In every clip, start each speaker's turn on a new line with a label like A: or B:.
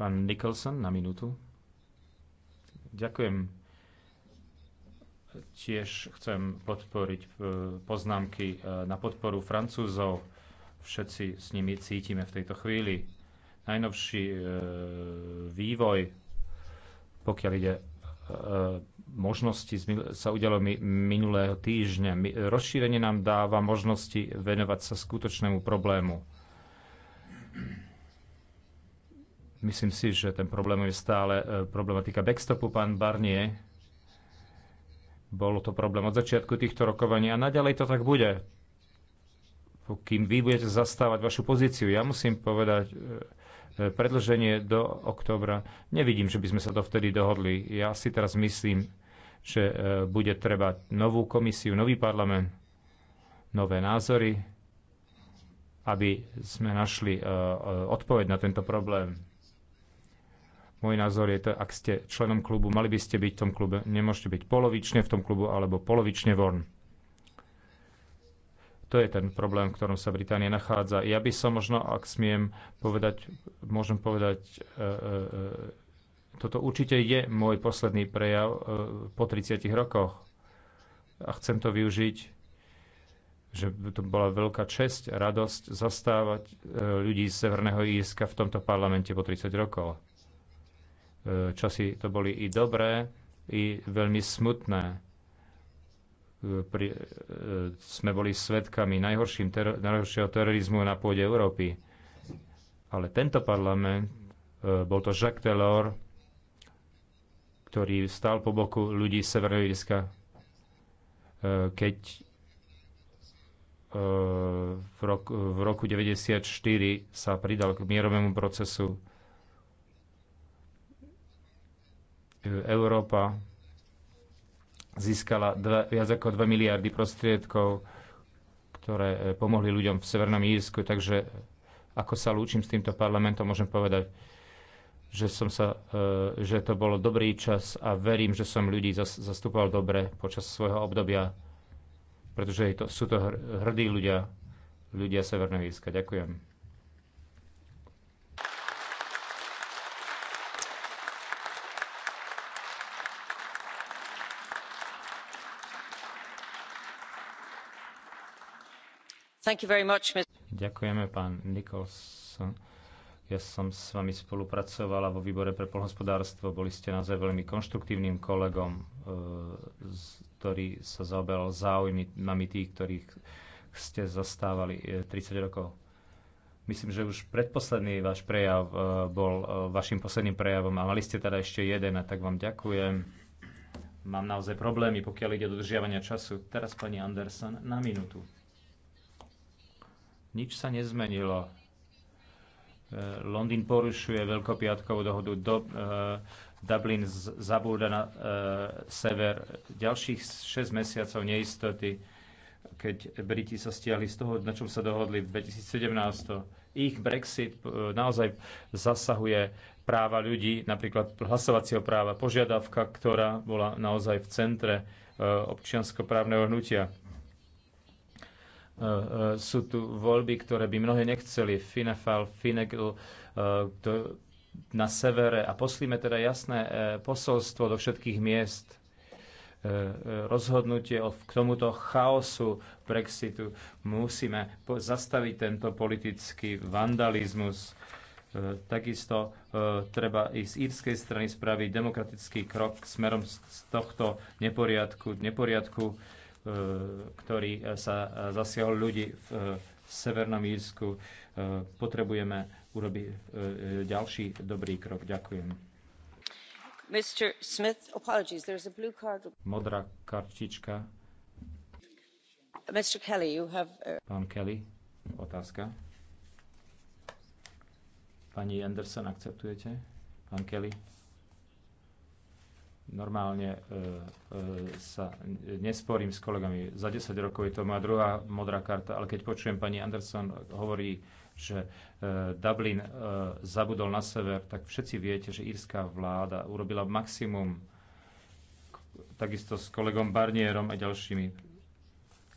A: Pán Nicholson na minútu. Ďakujem. Tiež chcem podporiť e, poznámky e, na podporu Francúzov. Všetci s nimi cítime v tejto chvíli. Najnovší e, vývoj, pokiaľ ide možnosti sa udialo minulého týždňa. Rozšírenie nám dáva možnosti venovať sa skutočnému problému. Myslím si, že ten problém je stále e, problematika backstopu. Pán Barnier, bolo to problém od začiatku týchto rokovaní a naďalej to tak bude. Kým vy budete zastávať vašu pozíciu, ja musím povedať, e, e, predlženie do oktobra. Nevidím, že by sme sa dovtedy dohodli. Ja si teraz myslím, že bude treba novú komisiu, nový parlament, nové názory, aby sme našli odpoveď na tento problém môj názor je to, ak ste členom klubu, mali by ste byť v tom klube. Nemôžete byť polovične v tom klubu alebo polovične von. To je ten problém, v ktorom sa Británia nachádza. Ja by som možno, ak smiem povedať, môžem povedať, e, e, e toto určite je môj posledný prejav e, po 30 rokoch. A chcem to využiť, že to bola veľká česť a radosť zastávať e, ľudí z Severného Írska v tomto parlamente po 30 rokov. E, časy to boli i dobré, i veľmi smutné. E, pri, e, sme boli svetkami ter, najhoršieho terorizmu na pôde Európy. Ale tento parlament, bol to Jacques Delors, ktorý stál po boku ľudí z Severného Iriska, keď v roku, v roku 94 sa pridal k mierovému procesu Európa získala dva, viac ako 2 miliardy prostriedkov, ktoré e, pomohli ľuďom v Severnom Írsku. Takže e, ako sa lúčim s týmto parlamentom, môžem povedať, že, som sa, e, že to bolo dobrý čas a verím, že som ľudí zastupoval dobre počas svojho obdobia, pretože sú to hrdí ľudia, ľudia Severného Írska. Ďakujem.
B: Ďakujeme,
A: pán Nicholson. Ja som s vami spolupracovala vo výbore pre polhospodárstvo. Boli ste naozaj veľmi konštruktívnym kolegom, e, ktorý sa zaoberal záujmami tých, ktorých ste zastávali 30 e, rokov. Myslím, že už predposledný váš prejav e, bol vašim posledným prejavom a mali ste teda ešte jeden, a tak vám ďakujem. Mám naozaj problémy, pokiaľ ide do dodržiavania času. Teraz pani Anderson na minútu. Nič sa nezmenilo. E, Londýn porušuje veľkopiatkovú dohodu, do, e, Dublin z, zabúda na e, sever. Ďalších 6 mesiacov neistoty, keď Briti sa stiahli z toho, na čom sa dohodli v 2017. Ich Brexit naozaj zasahuje práva ľudí, napríklad hlasovacieho práva, požiadavka, ktorá bola naozaj v centre e, občianskoprávneho hnutia E, e, sú tu voľby, ktoré by mnohé nechceli. Finefal, Finegl e, na severe. A poslíme teda jasné posolstvo do všetkých miest rozhodnutie k tomuto chaosu Brexitu. Musíme zastaviť tento politický vandalizmus. Takisto treba i z írskej strany spraviť demokratický krok smerom z tohto neporiadku, neporiadku E, ktorý e, sa e, zasiahol ľudí v Severnom Írsku. Potrebujeme urobiť ďalší dobrý krok. Ďakujem. Smith, Modrá kartička.
B: Kelly, have... Uh,
A: Pán Kelly, otázka. Pani Anderson, akceptujete? Pán Kelly normálne e, e, sa nesporím s kolegami. Za 10 rokov je to moja druhá modrá karta, ale keď počujem pani Anderson hovorí, že e, Dublin zabudol na sever, tak všetci viete, že írska vláda urobila maximum takisto s kolegom Barnierom a ďalšími.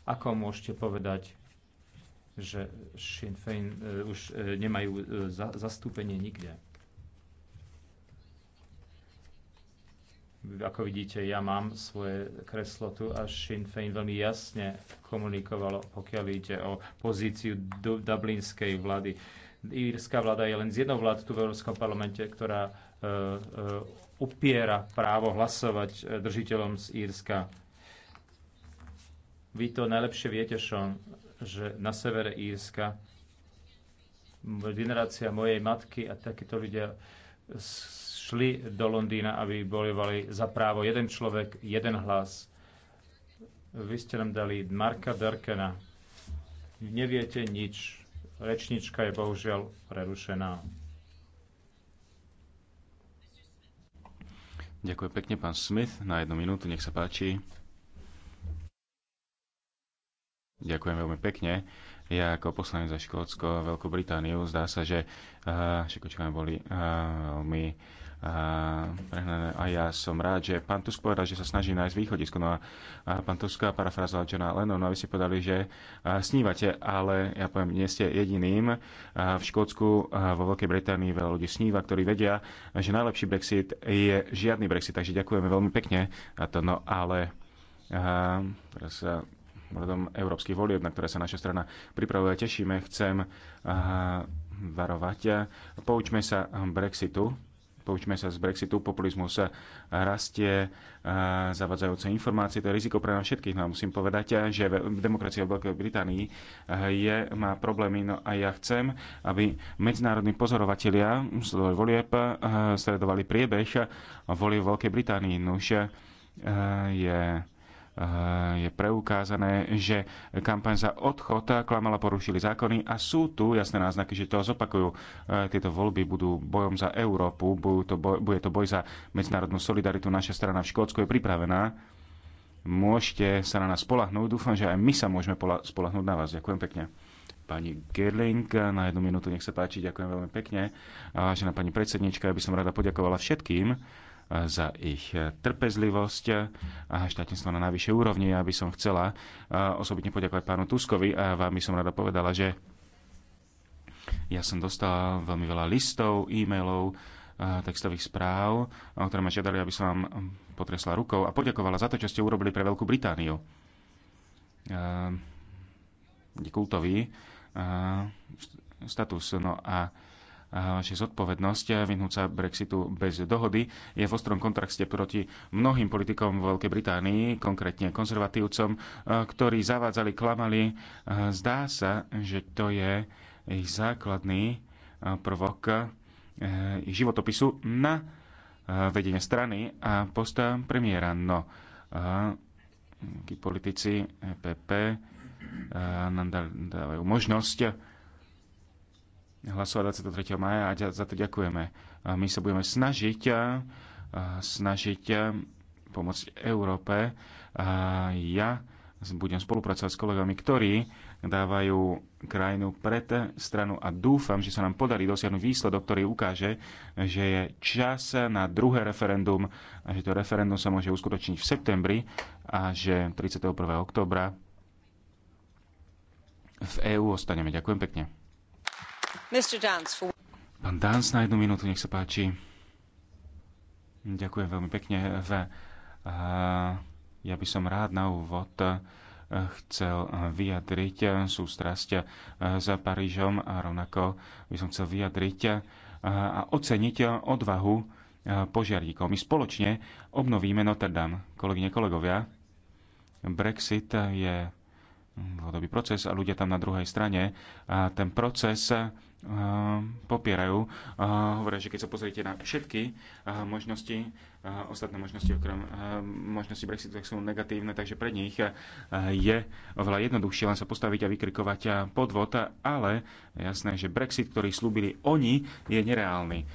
A: Ako môžete povedať, že Sinn Féin už nemajú zastúpenie nikde? Ako vidíte, ja mám svoje kreslo tu a Sinn Féin veľmi jasne komunikovalo, pokiaľ ide o pozíciu dublinskej vlády. Írska vláda je len z jednou vlád tu v Európskom parlamente, ktorá e, e, upiera právo hlasovať e, držiteľom z Írska. Vy to najlepšie viete, Sean, že na severe Írska generácia mojej matky a takíto ľudia šli do Londýna, aby bojovali za právo jeden človek, jeden hlas. Vy ste nám dali Marka Darkena. Neviete nič. Rečnička je bohužiaľ prerušená.
C: Ďakujem pekne, pán Smith. Na jednu minútu, nech sa páči. Ďakujem veľmi pekne. Ja ako poslanec za Škótsko, Veľkú Britániu, zdá sa, že uh, boli uh, veľmi prehnané. A ja som rád, že pán Tusk povedal, že sa snaží nájsť východisko. No a, a pán Tusk parafrazoval Johna Lennon, no a vy povedali, že snívate, ale ja poviem, nie ste jediným. A v Škótsku, vo Veľkej Británii veľa ľudí sníva, ktorí vedia, že najlepší Brexit je žiadny Brexit. Takže ďakujeme veľmi pekne na to. No ale a, teraz sa vzhľadom európskych volieb, na ktoré sa naša strana pripravuje. Tešíme, chcem a, varovať. Poučme sa Brexitu poučme sa z Brexitu, populizmus rastie, zavadzajúce informácie, to je riziko pre nás všetkých. No a musím povedať, že demokracia v Veľkej Británii je, má problémy. No a ja chcem, aby medzinárodní pozorovatelia sledovali volieb, sledovali priebež volieb v Veľkej Británii. už je Eh, je preukázané, že kampaň za odchod klamala, porušili zákony a sú tu jasné náznaky, že to zopakujú. Eh, tieto voľby budú bojom za Európu, to boj, bude to boj za medzinárodnú solidaritu. Naša strana v Škótsku je pripravená. Môžete sa na nás spolahnúť. Dúfam, že aj my sa môžeme spolahnúť na vás. Ďakujem pekne pani Gerling. Na jednu minútu nech sa páči, ďakujem veľmi pekne. Vážená pani predsednička, ja by som rada poďakovala všetkým, za ich trpezlivosť a štátnictvo na najvyššej úrovni. Ja by som chcela osobitne poďakovať pánu Tuskovi a vám by som rada povedala, že ja som dostal veľmi veľa listov, e-mailov, textových správ, ktoré ma žiadali, aby som vám potresla rukou a poďakovala za to, čo ste urobili pre Veľkú Britániu. Kultový status. No a že zodpovednosť eh, vyhnúť sa Brexitu bez dohody je v ostrom kontraste proti mnohým politikom v Veľkej Británii, konkrétne konzervatívcom, eh, ktorí zavádzali, klamali. Eh, zdá sa, že to je ich základný prvok ich životopisu na vedenie strany a posta premiéra. No, politici EPP nám dávajú možnosť hlasovať 23. maja a za to ďakujeme. My sa budeme snažiť, snažiť pomôcť Európe. Ja budem spolupracovať s kolegami, ktorí dávajú krajinu pred stranu a dúfam, že sa nám podarí dosiahnuť výsledok, ktorý ukáže, že je čas na druhé referendum a že to referendum sa môže uskutočniť v septembri a že 31. oktobra v EÚ ostaneme. Ďakujem pekne. Pán Dans na jednu minútu, nech sa páči. Ďakujem veľmi pekne. V, ja by som rád na úvod eh, chcel eh, vyjadriť eh, sústrasť za Parížom a rovnako by som chcel vyjadriť a oceniť odvahu požiarníkov. My spoločne obnovíme Notre Dame. Kolegyne, kolegovia, Brexit je dlhodobý proces a ľudia tam na druhej strane. A ten proces Ehm, popierajú. Ehm, hovoria, že keď sa pozriete na všetky ehm, možnosti, ostatné možnosti okrem možnosti Brexitu sú negatívne, takže pre nich je oveľa jednoduchšie len sa postaviť a vykrikovať podvod, ale jasné, že Brexit, ktorý slúbili oni, je nereálny. E,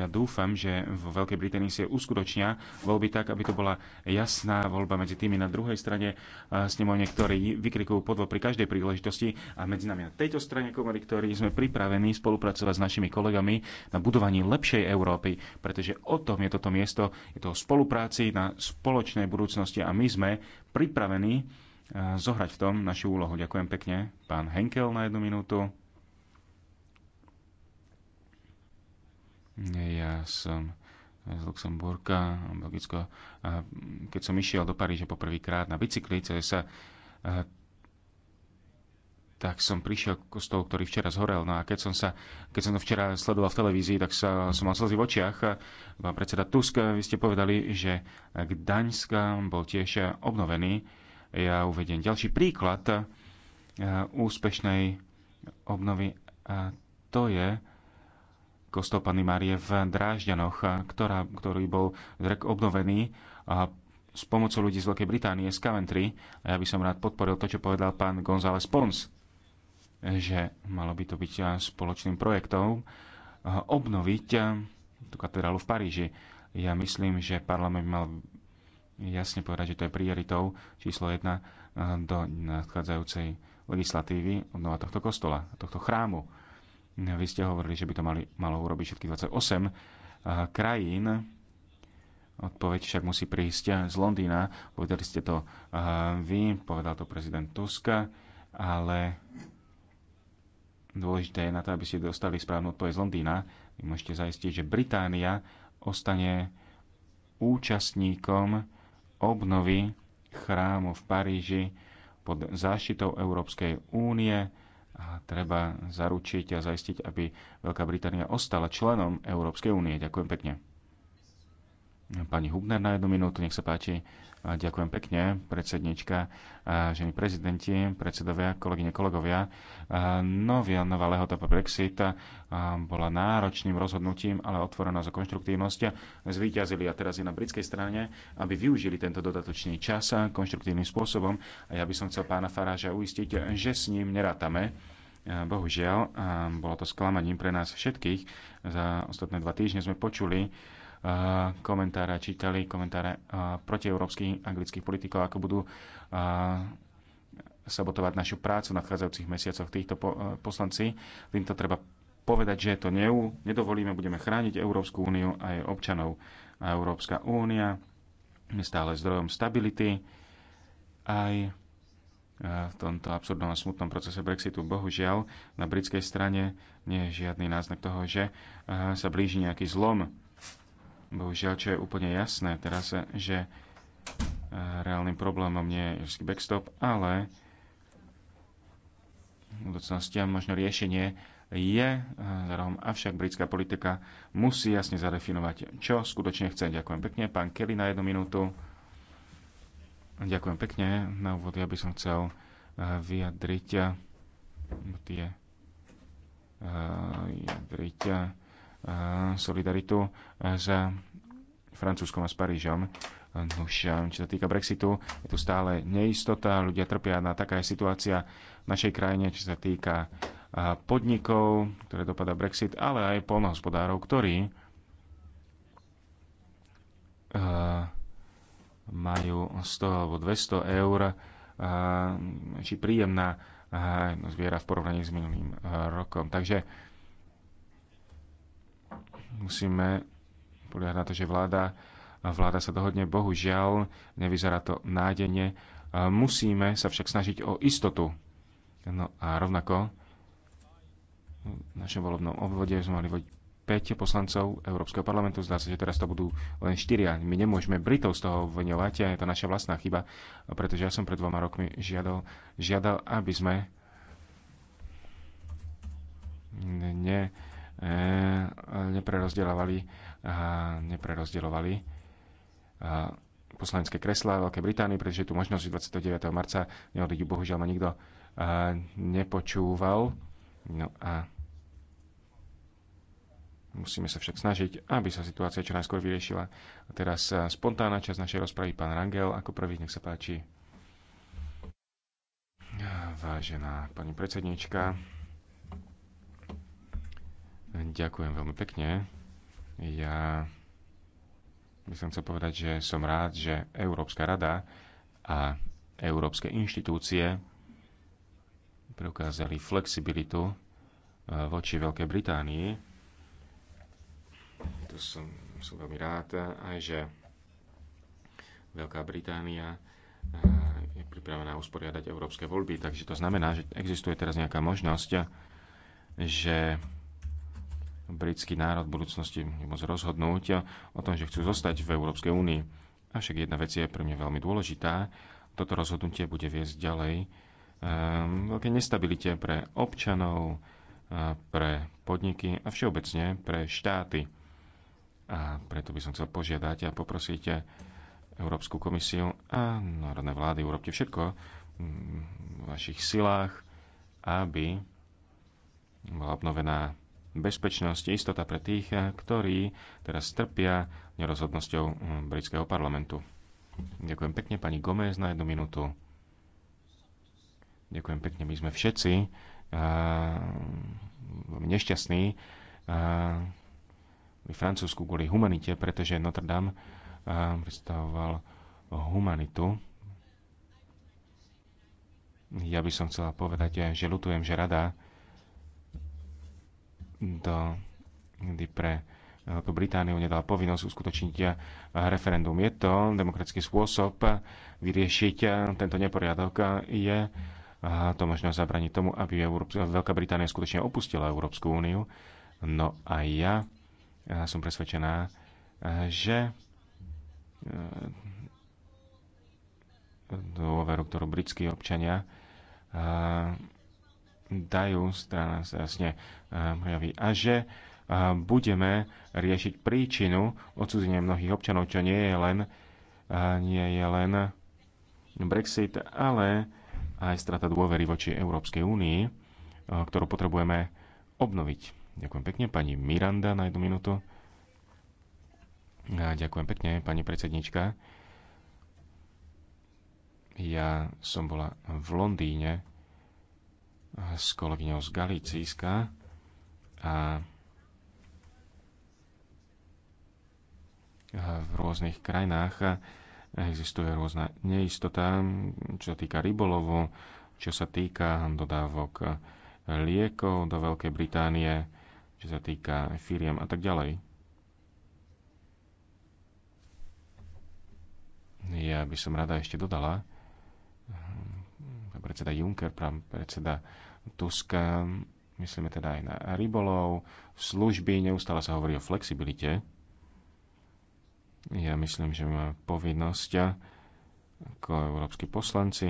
C: ja dúfam, že vo Veľkej Británii si uskutočnia voľby tak, aby to bola jasná voľba medzi tými na druhej strane s nimi niektorí vykrikujú podvod pri každej príležitosti a medzi nami na tejto strane komory, ktorí sme pripravení spolupracovať s našimi kolegami na budovaní lepšej Európy, pretože o tom je toto miesto, je to o spolupráci na spoločnej budúcnosti a my sme pripravení eh, zohrať v tom našu úlohu. Ďakujem pekne. Pán Henkel na jednu minútu. Ja som z Luxemburka, Belgicko. Keď som išiel do Paríža poprvýkrát na bicykli, cez sa eh, tak som prišiel k kostolu, ktorý včera zhorel. No a keď som, sa, keď som to včera sledoval v televízii, tak sa, som mal slzy v očiach. Pán predseda Tusk, vy ste povedali, že Gdaňsk bol tiež obnovený. Ja uvediem ďalší príklad eh, úspešnej obnovy. A to je kostol Pany Márie v Drážďanoch, ktorá, ktorý bol obnovený a s pomocou ľudí z Veľkej Británie, z Coventry. A ja by som rád podporil to, čo povedal pán González Pons že malo by to byť spoločným projektom obnoviť tú katedrálu v Paríži. Ja myslím, že parlament mal jasne povedať, že to je prioritou číslo 1 do nadchádzajúcej legislatívy obnova tohto kostola, tohto chrámu. Vy ste hovorili, že by to mali, malo urobiť všetkých 28 krajín. Odpoveď však musí prísť z Londýna. Povedali ste to vy, povedal to prezident Tusk, ale Dôležité je na to, aby ste dostali správnu odpoveď z Londýna. Vy môžete zaistiť, že Británia ostane účastníkom obnovy chrámu v Paríži pod záštitou Európskej únie a treba zaručiť a zaistiť, aby Veľká Británia ostala členom Európskej únie. Ďakujem pekne. Pani Hubner na jednu minútu, nech sa páči. Ďakujem pekne, predsednička, ženy prezidenti, predsedovia, kolegyne, kolegovia. Novia, nová lehota po Brexit bola náročným rozhodnutím, ale otvorená za konštruktívnosť. Zvíťazili a teraz je na britskej strane, aby využili tento dodatočný čas konštruktívnym spôsobom. A ja by som chcel pána Faráža uistiť, že s ním nerátame. Bohužiaľ, bolo to sklamaním pre nás všetkých. Za ostatné dva týždne sme počuli, komentáre, čítali komentáre protieurópskych anglických politikov, ako budú sabotovať našu prácu v nadchádzajúcich mesiacoch týchto poslanci. Týmto treba povedať, že to neú, nedovolíme, budeme chrániť Európsku úniu a jej občanov. A Európska únia je stále zdrojom stability aj v tomto absurdnom a smutnom procese Brexitu. Bohužiaľ, na britskej strane nie je žiadny náznak toho, že sa blíži nejaký zlom. Bohužiaľ, čo je úplne jasné teraz, že e, reálnym problémom nie je irský backstop, ale v budúcnosti a možno riešenie je e, zároveň, avšak britská politika musí jasne zadefinovať, čo skutočne chce. Ďakujem pekne. Pán Kelly na jednu minútu. Ďakujem pekne. Na úvod ja by som chcel e, vyjadriť tie vyjadriť solidaritu e, s Francúzskom a s Parížom. Už e, čo sa týka Brexitu, je tu stále neistota, ľudia trpia na taká je situácia v našej krajine, čo sa týka e, podnikov, ktoré dopadá Brexit, ale aj polnohospodárov, ktorí majú 100 alebo 200 eur či príjemná zviera v porovnaní s minulým rokom. Takže musíme poliať na to, že vláda, vláda sa dohodne. Bohužiaľ, nevyzerá to nádejne. Musíme sa však snažiť o istotu. No a rovnako v našom volebnom obvode sme mali 5 poslancov Európskeho parlamentu. Zdá sa, že teraz to budú len 4. My nemôžeme Britov z toho obviňovať a je to naša vlastná chyba, pretože ja som pred dvoma rokmi žiadal, žiadal aby sme ne, neprerozdielovali, neprerozdielovali e, e, poslanecké kreslá Veľkej Británii, pretože tu možnosť 29. marca neodídu, bohužiaľ ma nikto e, nepočúval. No a musíme sa však snažiť, aby sa situácia čo najskôr vyriešila. A teraz spontánna časť našej rozpravy, pán Rangel, ako prvý, nech sa páči. Vážená pani predsedníčka, Ďakujem veľmi pekne. Ja by som chcel povedať, že som rád, že Európska rada a európske inštitúcie preukázali flexibilitu eh, voči Veľkej Británii. To som, som veľmi rád aj, že Veľká Británia eh, je pripravená usporiadať európske voľby, takže to znamená, že existuje teraz nejaká možnosť, že britský národ v budúcnosti môcť rozhodnúť o tom, že chcú zostať v Európskej únii. Avšak jedna vec je pre mňa veľmi dôležitá. Toto rozhodnutie bude viesť ďalej ehm, veľké nestabilite pre občanov, pre podniky a všeobecne pre štáty. A preto by som chcel požiadať a poprosiť Európsku komisiu a národné vlády, urobte všetko v vašich silách, aby bola obnovená bezpečnosť, istota pre tých, eh, ktorí teraz trpia nerozhodnosťou hm, britského parlamentu. Ďakujem pekne pani Gomez na jednu minútu. Ďakujem pekne, my sme všetci uh, nešťastní uh, v Francúzsku kvôli humanite, pretože Notre Dame uh, predstavoval humanitu. Ja by som chcela povedať, že ľutujem, že rada do, kedy pre Veľkú eh, Britániu nedala povinnosť uskutočniť eh, referendum. Je to demokratický spôsob eh, vyriešiť tento neporiadok. Je to možno zabraniť tomu, aby Veľká Británia skutočne opustila Európsku úniu. No a ja som presvedčená, že dôveru, ktorú britskí občania dajú strana jasne prejaví um, a že um, budeme riešiť príčinu odsúdenia mnohých občanov, čo nie je len, uh, nie je len Brexit, ale aj strata dôvery voči Európskej únii, uh, ktorú potrebujeme obnoviť. Ďakujem pekne, pani Miranda, na jednu minútu. A ďakujem pekne, pani predsednička. Ja som bola v Londýne s kolegyňou z Galicíska a v rôznych krajinách existuje rôzna neistota, čo sa týka rybolovu, čo sa týka dodávok liekov do Veľkej Británie, čo sa týka firiem a tak ďalej. Ja by som rada ešte dodala, predseda Juncker, predseda Tusk, myslíme teda aj na rybolov, služby, neustále sa hovorí o flexibilite. Ja myslím, že máme povinnosť ako európsky poslanci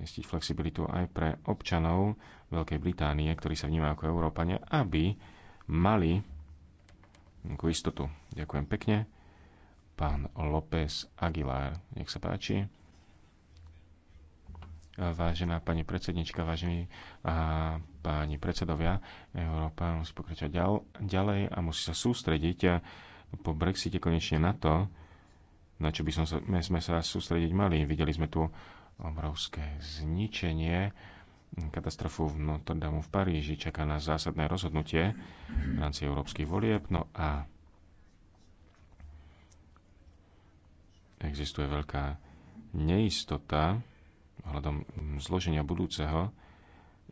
C: zistiť flexibilitu aj pre občanov Veľkej Británie, ktorí sa vnímajú ako Európania, aby mali istotu. Ďakujem pekne. Pán López Aguilar, nech sa páči. Vážená pani predsednička, vážení a páni predsedovia, Európa musí pokračovať ďal, ďalej a musí sa sústrediť po Brexite konečne na to, na čo by som sa, sme sa sústrediť mali. Videli sme tu obrovské zničenie, katastrofu v Notre Dame v Paríži. Čaká nás zásadné rozhodnutie v rámci európskych volieb. No a existuje veľká neistota hľadom mm, zloženia budúceho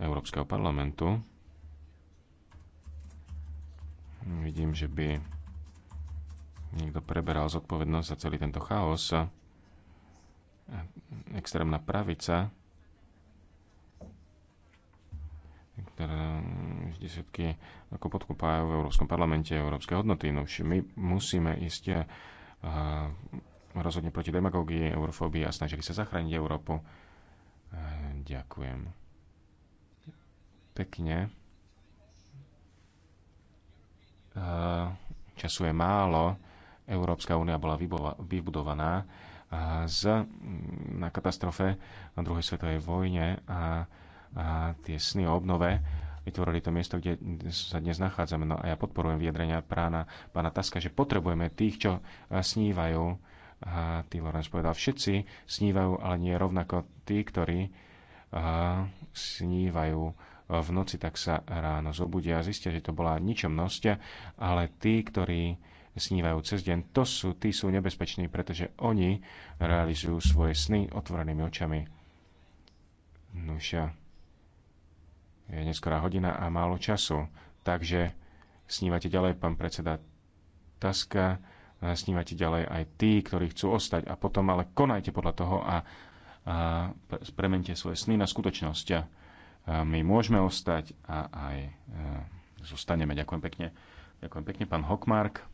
C: Európskeho parlamentu. Vidím, že by niekto preberal zodpovednosť za celý tento chaos. Extrémna pravica, ktorá vždy všetky ako podkupajú v Európskom parlamente európske hodnoty. No my musíme ísť eh, rozhodne proti demagógii, eurofóbii a snažili sa zachrániť Európu. Ďakujem. Pekne. E, času je málo. Európska únia bola vybudovaná e, z, na katastrofe na druhej svetovej vojne a, a tie sny o obnove vytvorili to miesto, kde sa dnes nachádzame. No a ja podporujem vyjadrenia prána pána Taska, že potrebujeme tých, čo e, snívajú a T. Lawrence povedal, všetci snívajú, ale nie rovnako tí, ktorí a, snívajú v noci, tak sa ráno zobudia a zistia, že to bola ničomnosť, ale tí, ktorí snívajú cez deň, to sú, tí sú nebezpeční, pretože oni realizujú svoje sny otvorenými očami. Nuša, je neskorá hodina a málo času, takže snívate ďalej, pán predseda Taska snívate ďalej aj tí, ktorí chcú ostať a potom ale konajte podľa toho a, a premente svoje sny na skutočnosť. A my môžeme ostať a aj a e, zostaneme. Ďakujem pekne. Ďakujem pekne, pán Hokmark.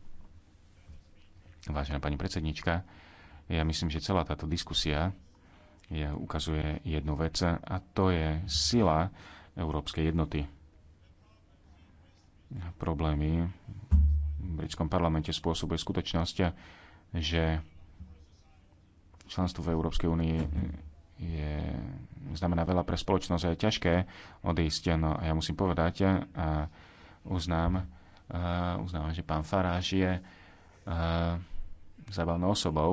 C: Vážená pani predsednička, ja myslím, že celá táto diskusia je, ukazuje jednu vec a to je sila európskej jednoty. Problémy v britskom parlamente spôsobuje skutočnosť, že členstvo v Európskej únii je, znamená veľa pre spoločnosť a je ťažké odísť. No a ja musím povedať a uznám, a uznám, že pán Faráž je zábavnou osobou,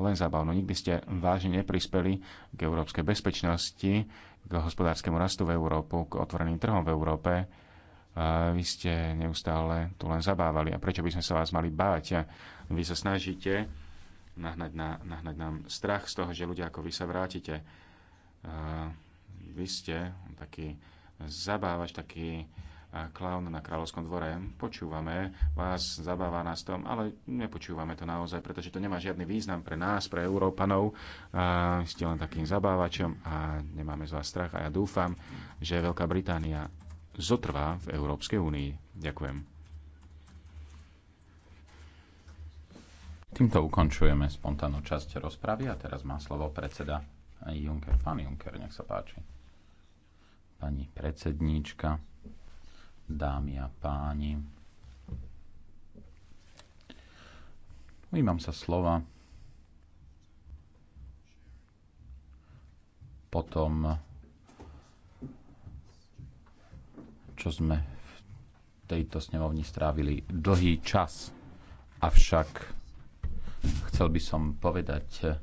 C: len zábavnou. Nikdy ste vážne neprispeli k európskej bezpečnosti, k hospodárskemu rastu v Európu, k otvoreným trhom v Európe a vy ste neustále tu len zabávali. A prečo by sme sa vás mali báť? A vy sa snažíte nahnať, na, nahnať nám strach z toho, že ľudia ako vy sa vrátite. A vy ste taký zabávač, taký klaun na kráľovskom dvore. Počúvame vás, zabáva nás tom, ale nepočúvame to naozaj, pretože to nemá žiadny význam pre nás, pre Európanov. A ste len takým zabávačom a nemáme z vás strach a ja dúfam, že
B: Veľká Británia zotrvá v Európskej únii. Ďakujem. Týmto ukončujeme spontánnu časť rozpravy a teraz má slovo predseda Juncker. Pán Juncker, nech sa páči. Pani predsedníčka, dámy a páni, ujímam sa slova potom čo sme v tejto snemovni strávili dlhý čas. Avšak chcel by som povedať,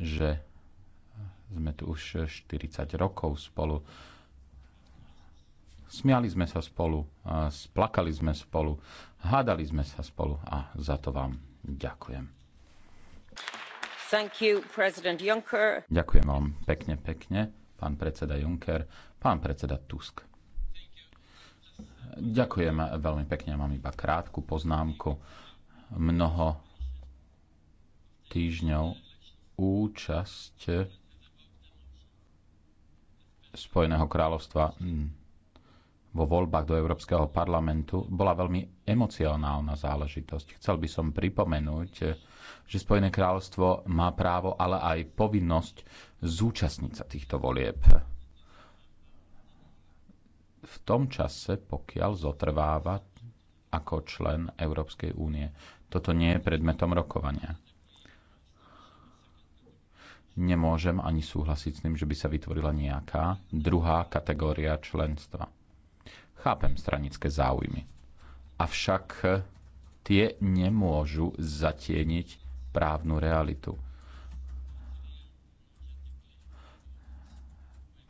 B: že sme tu už 40 rokov spolu. Smiali sme sa spolu, splakali sme spolu, hádali sme sa spolu a za to vám ďakujem. Thank you, President Juncker. Ďakujem vám pekne, pekne, pán predseda Juncker, pán predseda Tusk. Ďakujem veľmi pekne, mám iba krátku poznámku. Mnoho týždňov účasť Spojeného kráľovstva hm, vo voľbách do Európskeho parlamentu bola veľmi emocionálna záležitosť. Chcel by som pripomenúť, že Spojené kráľovstvo má právo, ale aj povinnosť zúčastniť sa týchto volieb v tom čase, pokiaľ zotrváva ako člen Európskej únie. Toto nie je predmetom rokovania. Nemôžem ani súhlasiť s tým, že by sa vytvorila nejaká druhá kategória členstva. Chápem stranické záujmy. Avšak tie nemôžu zatieniť právnu realitu.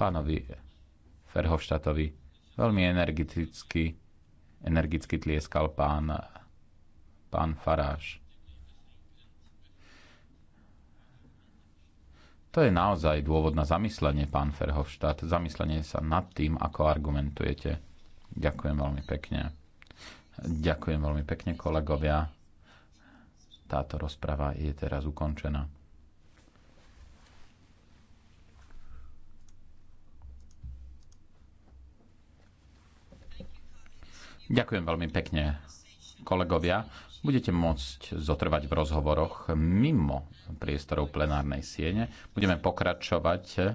B: Pánovi Ferhovštatovi Veľmi energeticky, energicky tlieskal pán, pán Faráš. To je naozaj dôvod na zamyslenie, pán Ferhofštát, Zamyslenie sa nad tým, ako argumentujete. Ďakujem veľmi pekne. Ďakujem veľmi pekne, kolegovia. Táto rozprava je teraz ukončená. Ďakujem veľmi pekne, kolegovia. Budete môcť zotrvať v rozhovoroch mimo priestorov plenárnej siene. Budeme pokračovať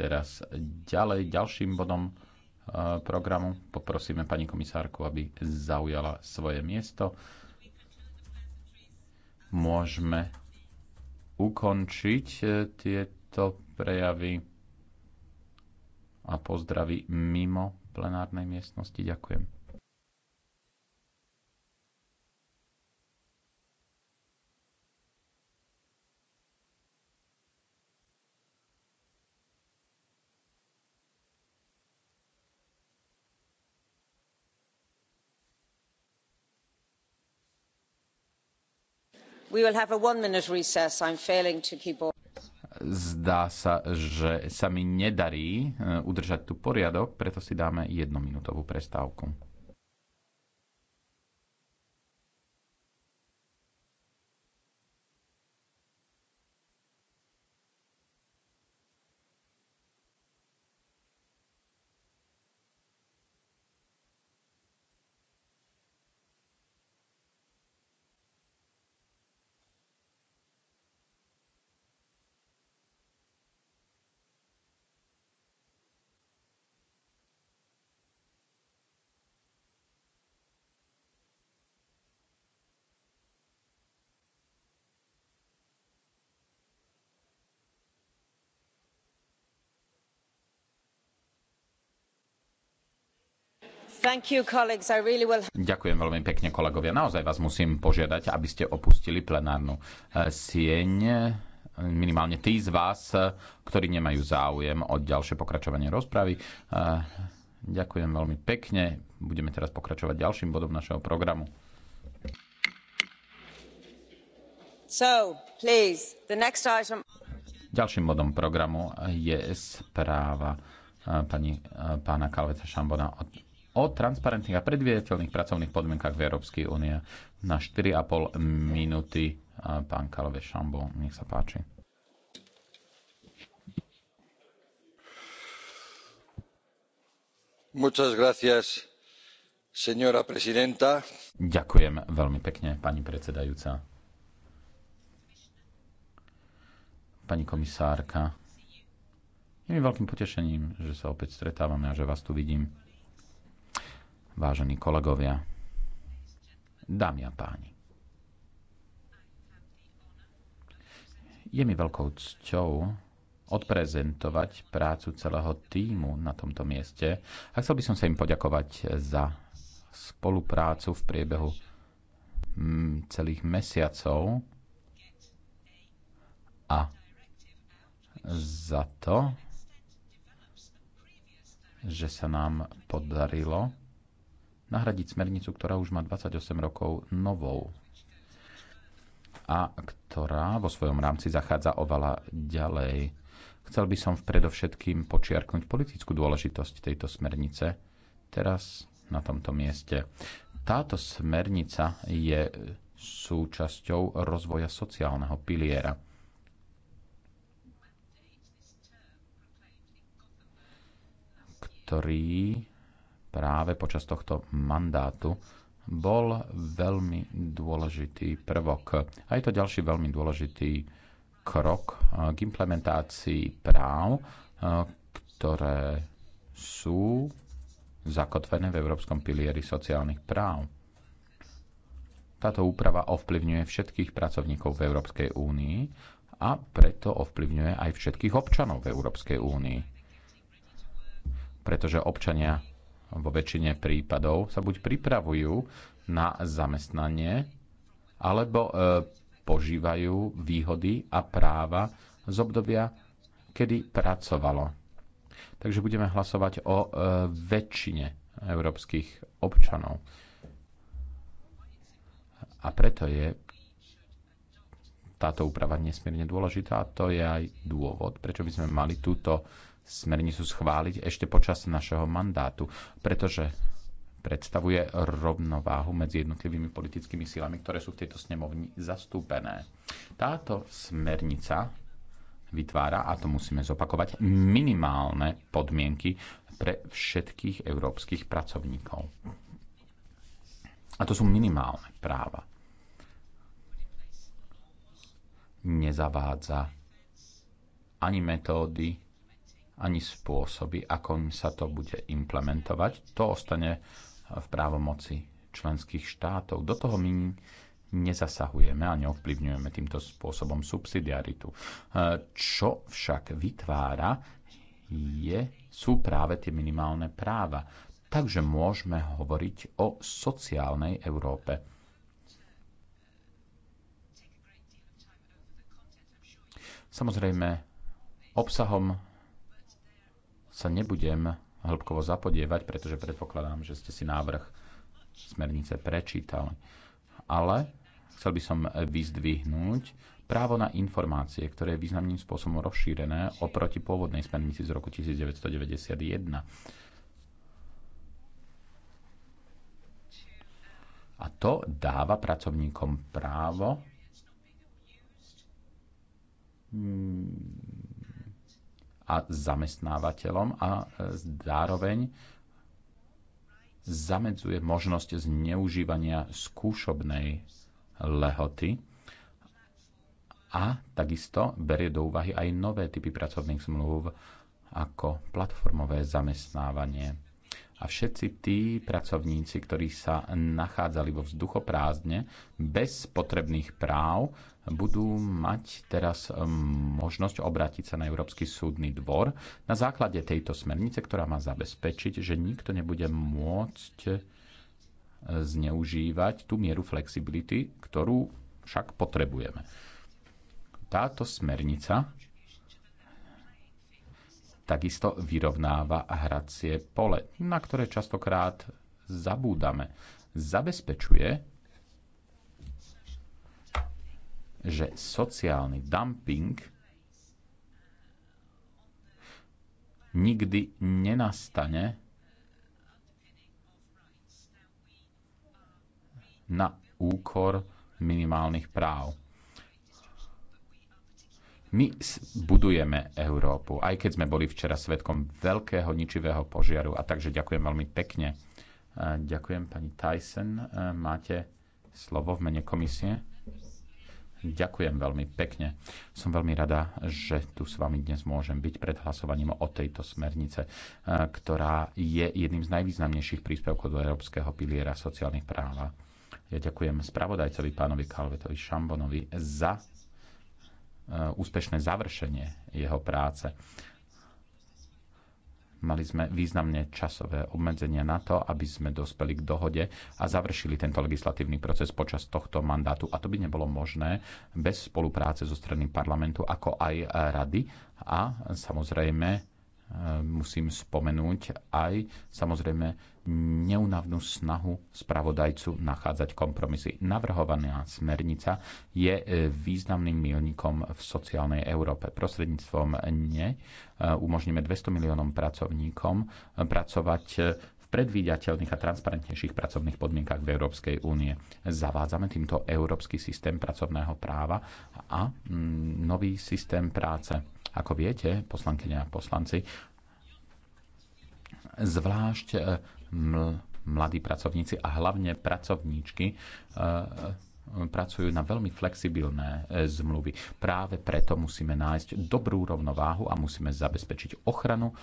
B: teraz ďalej ďalším bodom e, programu. Poprosíme pani komisárku, aby zaujala svoje miesto. Môžeme ukončiť e, tieto prejavy a pozdravy mimo plenárnej miestnosti. Ďakujem. we will have a one minute recess i'm failing to keep zdá sa, že sa mi nedarí eh, udržať tu poriadok, preto si dáme jednominútovú prestávku. Ďakujem veľmi pekne, kolegovia. Naozaj vás musím požiadať, aby ste opustili plenárnu eh, sieň. Minimálne tí z vás, eh, ktorí nemajú záujem o ďalšie pokračovanie rozpravy. Eh, ďakujem veľmi pekne. Budeme teraz pokračovať ďalším bodom našeho programu. So, please, the next item... Ďalším bodom programu je správa pani, pána Kalveca Šambona o o transparentných a predvidateľných pracovných podmienkach v Európskej únie. Na 4,5 minúty e, pán Kalve Šambo, nech sa páči. Muchas gracias, señora presidenta. Ďakujem veľmi pekne, pani predsedajúca. Pani komisárka, je mi veľkým potešením, že sa opäť stretávame a že vás tu vidím vážení kolegovia, dámy a páni. Je mi veľkou cťou odprezentovať prácu celého týmu na tomto mieste a chcel by som sa im poďakovať za spoluprácu v priebehu mm, celých mesiacov a za to, že sa nám podarilo nahradiť smernicu, ktorá už má 28 rokov novou a ktorá vo svojom rámci zachádza oveľa ďalej. Chcel by som predovšetkým počiarknúť politickú dôležitosť tejto smernice teraz na tomto mieste. Táto smernica je súčasťou rozvoja sociálneho piliera. ktorý práve počas tohto mandátu bol veľmi dôležitý prvok. A je to ďalší veľmi dôležitý krok k implementácii práv, ktoré sú zakotvené v Európskom pilieri sociálnych práv. Táto úprava ovplyvňuje všetkých pracovníkov v Európskej únii a preto ovplyvňuje aj všetkých občanov v Európskej únii. Pretože občania vo väčšine prípadov sa buď pripravujú na zamestnanie, alebo e, požívajú výhody a práva z obdobia, kedy pracovalo. Takže budeme hlasovať o e, väčšine európskych občanov. A preto je táto úprava nesmierne dôležitá a to je aj dôvod, prečo by sme mali túto smernicu schváliť ešte počas našeho mandátu, pretože predstavuje rovnováhu medzi jednotlivými politickými silami, ktoré sú v tejto snemovni zastúpené. Táto smernica vytvára, a to musíme zopakovať, minimálne podmienky pre všetkých európskych pracovníkov. A to sú minimálne práva. Nezavádza ani metódy, ani spôsoby, im sa to bude implementovať. To ostane v právomoci členských štátov. Do toho my nezasahujeme a neovplyvňujeme týmto spôsobom subsidiaritu. E, čo však vytvára, je, sú práve tie minimálne práva. Takže môžeme hovoriť o sociálnej Európe. Samozrejme, obsahom sa nebudem hĺbkovo zapodievať, pretože predpokladám, že ste si návrh smernice prečítali. Ale chcel by som vyzdvihnúť právo na informácie, ktoré je významným spôsobom rozšírené oproti pôvodnej smernici z roku 1991. A to dáva pracovníkom právo mm, a zamestnávateľom a e, zároveň zamedzuje možnosť zneužívania skúšobnej lehoty a takisto berie do úvahy aj nové typy pracovných zmluv ako platformové zamestnávanie a všetci tí pracovníci, ktorí sa nachádzali vo vzduchoprázdne bez potrebných práv, budú mať teraz ehm, možnosť obrátiť sa na Európsky súdny dvor na základe tejto smernice, ktorá má zabezpečiť, že nikto nebude môcť e, zneužívať tú mieru flexibility, ktorú však potrebujeme. Táto smernica takisto vyrovnáva hracie pole, na ktoré častokrát zabúdame. Zabezpečuje, že sociálny dumping nikdy nenastane na úkor minimálnych práv my budujeme Európu, aj keď sme boli včera svetkom veľkého ničivého požiaru. A takže ďakujem veľmi pekne. Ďakujem pani Tyson. Máte slovo v mene komisie? Ďakujem veľmi pekne. Som veľmi rada, že tu s vami dnes môžem byť pred hlasovaním o tejto smernice, ktorá je jedným z najvýznamnejších príspevkov do Európskeho piliera sociálnych práv. Ja ďakujem spravodajcovi pánovi Kalvetovi Šambonovi za Eh, úspešné završenie jeho práce. Mali sme významne časové obmedzenia na to, aby sme dospeli k dohode a završili tento legislatívny proces počas tohto mandátu. A to by nebolo možné bez spolupráce zo strany parlamentu, ako aj rady a samozrejme Ehm, musím spomenúť aj samozrejme neunavnú snahu spravodajcu nachádzať kompromisy. Navrhovaná smernica je e, významným milníkom v sociálnej Európe. Prostredníctvom ne e, umožníme 200 miliónom pracovníkom e, pracovať v predvídateľných a transparentnejších pracovných podmienkach v Európskej únie. Zavádzame týmto európsky systém pracovného práva a mm, nový systém práce ako viete, poslankyňa a poslanci, zvlášť eh, mladí pracovníci a hlavne pracovníčky eh, pracujú na veľmi flexibilné e, zmluvy. Práve preto musíme nájsť dobrú rovnováhu a musíme zabezpečiť ochranu e,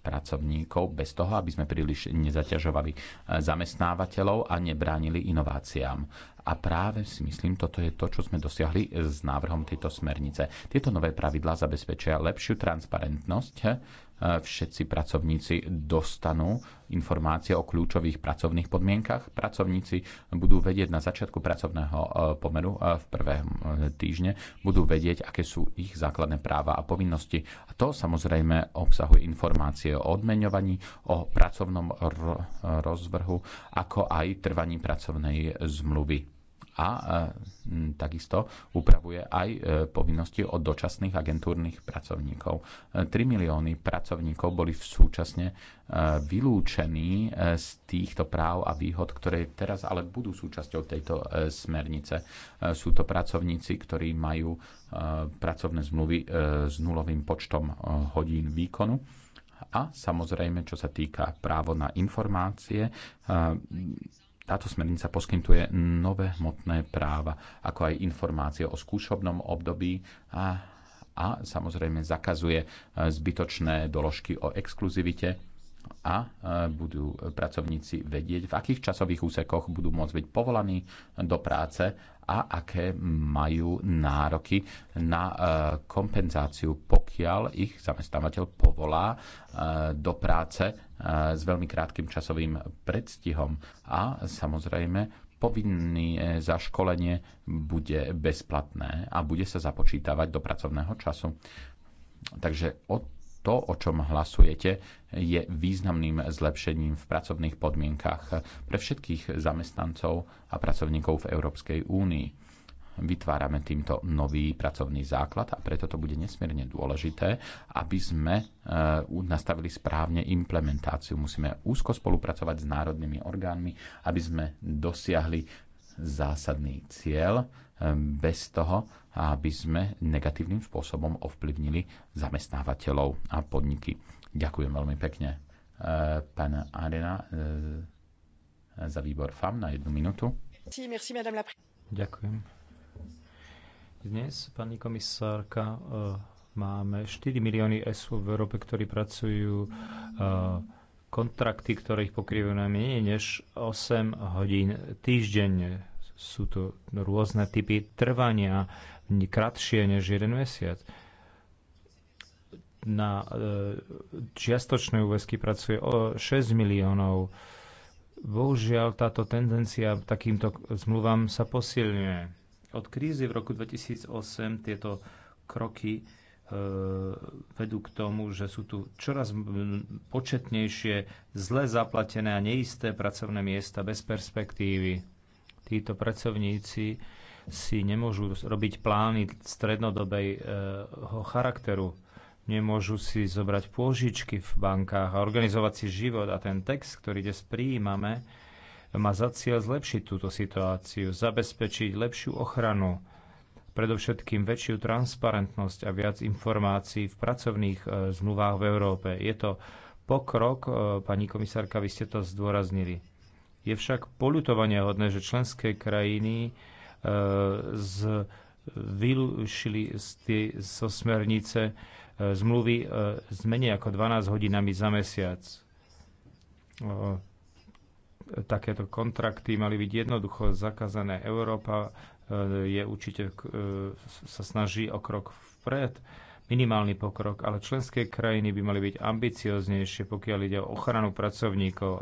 B: pracovníkov bez toho, aby sme príliš nezaťažovali e, zamestnávateľov a nebránili inováciám. A práve si myslím, toto je to, čo sme dosiahli s návrhom tejto smernice. Tieto nové pravidlá zabezpečia lepšiu transparentnosť E, všetci pracovníci dostanú informácie o kľúčových pracovných podmienkach. Pracovníci budú vedieť na začiatku pracovného e, pomeru e, v prvém týždne, budú vedieť, aké sú ich základné práva a povinnosti. A to samozrejme obsahuje informácie o odmeňovaní, o pracovnom rozvrhu, ako aj trvaní pracovnej zmluvy a e, takisto upravuje aj e, povinnosti od dočasných agentúrnych pracovníkov. 3 e, milióny pracovníkov boli v súčasne vylúčení z týchto práv a výhod, ktoré teraz ale budú súčasťou tejto smernice. Sú to pracovníci, ktorí majú pracovné zmluvy s nulovým počtom hodín výkonu a samozrejme, čo sa týka právo na informácie, táto smernica poskytuje nové hmotné práva, ako aj informácie o skúšobnom období a, a samozrejme zakazuje e, zbytočné doložky o exkluzivite a e, budú pracovníci vedieť, v akých časových úsekoch budú môcť byť povolaní do práce a aké majú nároky na e, kompenzáciu, pokiaľ ich zamestnávateľ povolá e, do práce s veľmi krátkým časovým predstihom. A samozrejme, povinné zaškolenie bude bezplatné a bude sa započítavať do pracovného času. Takže od to, o čom hlasujete, je významným zlepšením v pracovných podmienkach pre všetkých zamestnancov a pracovníkov v Európskej únii. Vytvárame týmto nový pracovný základ a preto to bude nesmierne dôležité, aby sme e, nastavili správne implementáciu. Musíme úzko spolupracovať s národnými orgánmi, aby sme dosiahli zásadný cieľ Ehm, bez toho, aby sme negatívnym spôsobom ovplyvnili zamestnávateľov a podniky. Ďakujem veľmi pekne. Eh, pán Arena eh, za výbor FAM na jednu minútu. Ďakujem.
A: Dnes, pani komisárka, eh, máme 4 milióny SU v Európe, ktorí pracujú kontrakty, ktoré ich pokrývajú na menej než 8 hodín týždenne sú to rôzne typy trvania, kratšie než jeden mesiac. Na e, čiastočné úväzky pracuje o 6 miliónov. Bohužiaľ, táto tendencia takýmto zmluvám sa posilňuje. Od krízy v roku 2008 tieto kroky e, vedú k tomu, že sú tu čoraz početnejšie, zle zaplatené a neisté pracovné miesta bez perspektívy títo pracovníci si nemôžu robiť plány strednodobejho charakteru. Nemôžu si zobrať pôžičky v bankách a organizovať si život. A ten text, ktorý dnes prijímame, má za cieľ zlepšiť túto situáciu, zabezpečiť lepšiu ochranu, predovšetkým väčšiu transparentnosť a viac informácií v pracovných e, zmluvách v Európe. Je to pokrok, e, pani komisárka, vy ste to zdôraznili. Je však polutovania hodné, že členské krajiny e, z, vylúšili z zo smernice e, zmluvy e, s menej ako 12 hodinami za mesiac. Takéto kontrakty mali byť jednoducho zakázané. Európa je určite, sa snaží o krok vpred, minimálny pokrok, ale členské krajiny by mali byť ambicioznejšie, pokiaľ ide o ochranu pracovníkov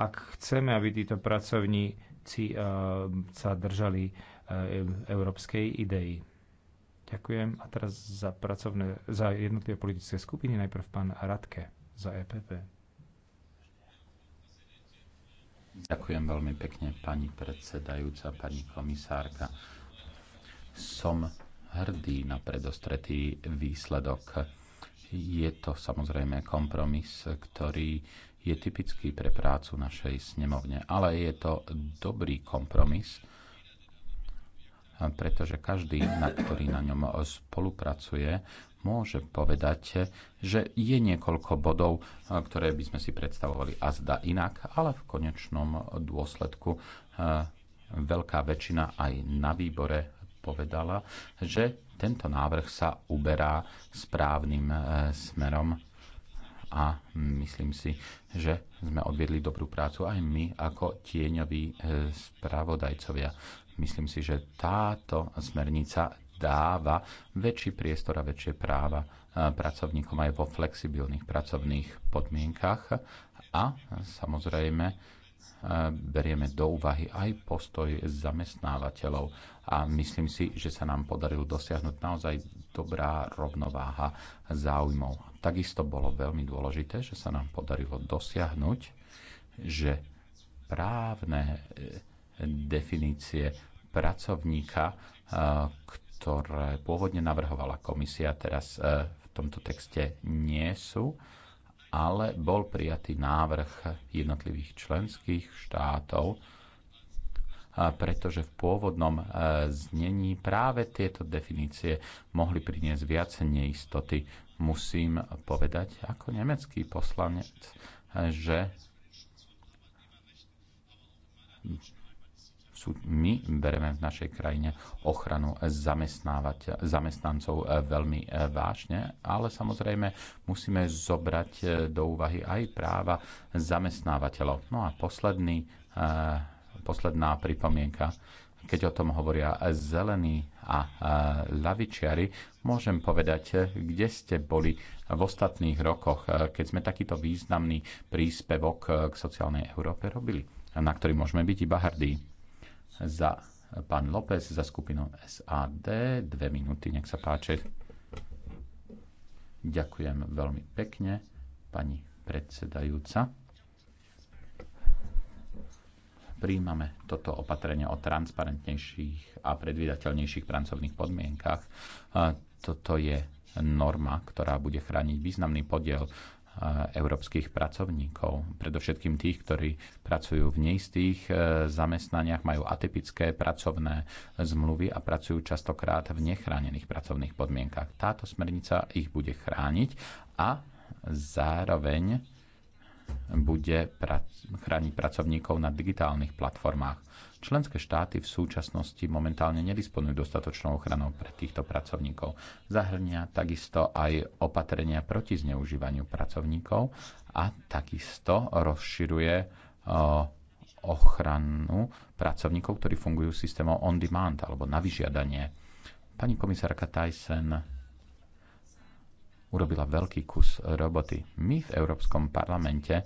A: ak chceme, aby títo pracovníci eh, sa držali eh, európskej idei. Ďakujem. A teraz za, pracovné, za jednotlivé politické skupiny najprv pán
B: Radke za EPP. Ďakujem veľmi pekne, pani predsedajúca, pani komisárka. Som hrdý na predostretý výsledok. Je to samozrejme kompromis, ktorý je typický pre prácu našej snemovne, ale je to dobrý kompromis, pretože každý, na ktorý na ňom spolupracuje, môže povedať, že je niekoľko bodov, ktoré by sme si predstavovali a zda inak, ale v konečnom dôsledku eh, veľká väčšina aj na výbore povedala, že tento návrh sa uberá správnym eh, smerom a myslím si, že sme odviedli dobrú prácu aj my ako tieňoví e, spravodajcovia. Myslím si, že táto smernica dáva väčší priestor a väčšie práva e, pracovníkom aj vo flexibilných pracovných podmienkach a samozrejme berieme do úvahy aj postoj zamestnávateľov a myslím si, že sa nám podarilo dosiahnuť naozaj dobrá rovnováha záujmov. Takisto bolo veľmi dôležité, že sa nám podarilo dosiahnuť, že právne e, definície pracovníka, e, ktoré pôvodne navrhovala komisia, teraz e, v tomto texte nie sú ale bol prijatý návrh jednotlivých členských štátov, pretože v pôvodnom e, znení práve tieto definície mohli priniesť viac neistoty. Musím povedať ako nemecký poslanec, e, že sú, my bereme v našej krajine ochranu zamestnancov e, veľmi e, vážne, ale samozrejme musíme zobrať e, do úvahy aj práva zamestnávateľov. No a posledný, posledná pripomienka keď o tom hovoria zelení a lavičiari, môžem povedať, kde ste boli v ostatných rokoch, keď sme takýto významný príspevok k sociálnej Európe robili, na ktorý môžeme byť iba hrdí za pán López za skupinu SAD. Dve minúty, nech sa páči. Ďakujem veľmi pekne, pani predsedajúca. Príjmame toto opatrenie o transparentnejších a predvydateľnejších pracovných podmienkach. Toto je norma, ktorá bude chrániť významný podiel európskych pracovníkov, predovšetkým tých, ktorí pracujú v neistých e, zamestnaniach, majú atypické pracovné zmluvy a pracujú častokrát v nechránených pracovných podmienkach. Táto smernica ich bude chrániť a zároveň bude chrániť pracovníkov na digitálnych platformách. Členské štáty v súčasnosti momentálne nedisponujú dostatočnou ochranou pre týchto pracovníkov. Zahrňa takisto aj opatrenia proti zneužívaniu pracovníkov a takisto rozširuje ochranu pracovníkov, ktorí fungujú systémom on demand alebo na vyžiadanie. Pani komisárka Tyson urobila veľký kus roboty. My v Európskom parlamente e,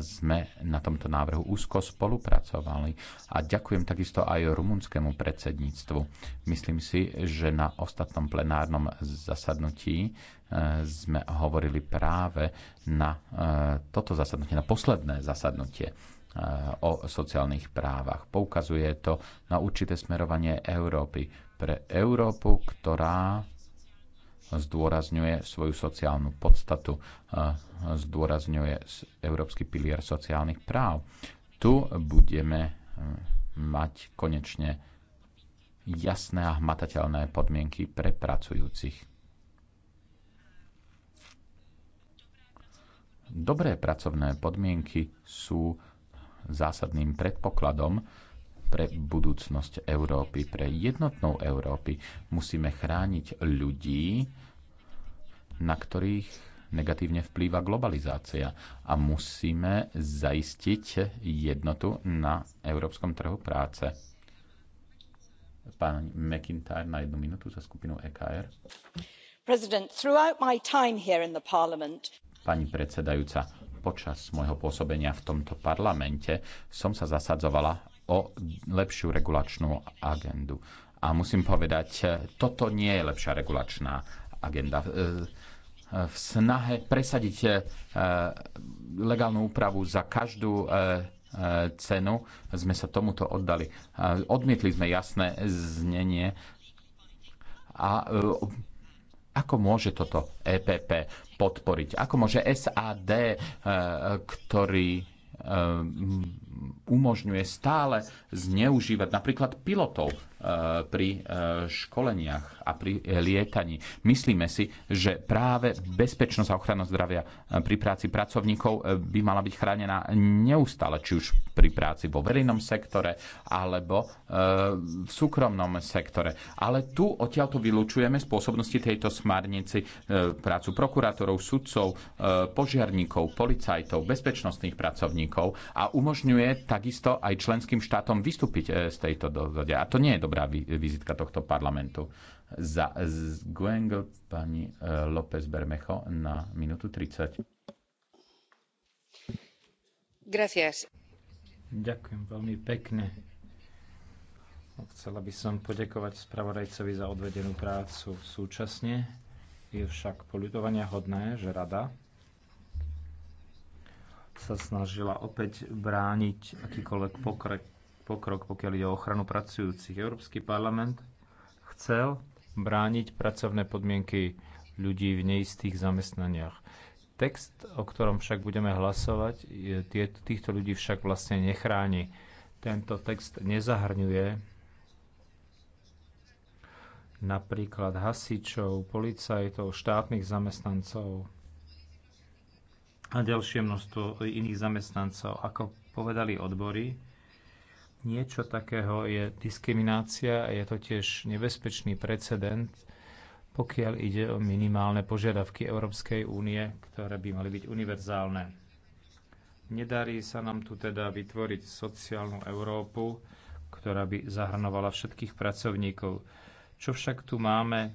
B: sme na tomto návrhu úzko spolupracovali. A ďakujem takisto aj rumunskému predsedníctvu. Myslím si, že na ostatnom plenárnom zasadnutí e, sme hovorili práve na e, toto zasadnutie, na posledné zasadnutie o sociálnych právach. Poukazuje to na určité smerovanie Európy. Pre Európu, ktorá zdôrazňuje svoju sociálnu podstatu, zdôrazňuje Európsky pilier sociálnych práv. Tu budeme e, mať konečne jasné a hmatateľné podmienky pre pracujúcich. Dobré pracovné podmienky sú zásadným predpokladom pre budúcnosť Európy, pre jednotnou Európy. Musíme chrániť ľudí, na ktorých negatívne vplýva globalizácia a musíme zaistiť jednotu na európskom trhu práce. Pán McIntyre na jednu minútu za skupinu EKR. Pani predsedajúca, počas môjho pôsobenia v tomto parlamente som sa zasadzovala o lepšiu regulačnú agendu. A musím povedať, e, toto nie je lepšia regulačná agenda. E, e, v snahe presadiť legálnu úpravu za každú cenu sme sa tomuto oddali. Odmietli sme jasné znenie a ako môže toto EPP podporiť? Ako môže SAD, ktorý umožňuje stále zneužívať napríklad pilotov eh, pri eh, školeniach a pri eh, lietaní. Myslíme si, že práve bezpečnosť a ochrana zdravia pri práci pracovníkov by mala byť chránená neustále, či už pri práci vo verejnom sektore alebo v súkromnom sektore. Ale tu odtiaľto vylúčujeme spôsobnosti tejto smarnici prácu prokurátorov, sudcov, požiarníkov, policajtov, bezpečnostných pracovníkov a umožňuje umožňuje takisto aj členským štátom vystúpiť e, z tejto dohode. A to nie je dobrá vizitka tohto parlamentu. Za Gwengl pani e, López Bermejo na minútu 30.
C: Gracias.
A: Ďakujem veľmi pekne. Chcela by som podekovať spravodajcovi za odvedenú prácu súčasne. Je však poľutovania hodné, že rada sa snažila opäť brániť akýkoľvek pokrok, pokrok, pokiaľ ide o ochranu pracujúcich. Európsky parlament chcel brániť pracovné podmienky ľudí v neistých zamestnaniach. Text, o ktorom však budeme hlasovať, je, týchto ľudí však vlastne nechráni. Tento text nezahrňuje napríklad hasičov, policajtov, štátnych zamestnancov, a ďalšie množstvo iných zamestnancov. Ako povedali odbory, niečo takého je diskriminácia a je to tiež nebezpečný precedent, pokiaľ ide o minimálne požiadavky Európskej únie, ktoré by mali byť univerzálne. Nedarí sa nám tu teda vytvoriť sociálnu Európu, ktorá by zahrnovala všetkých pracovníkov. Čo však tu máme e,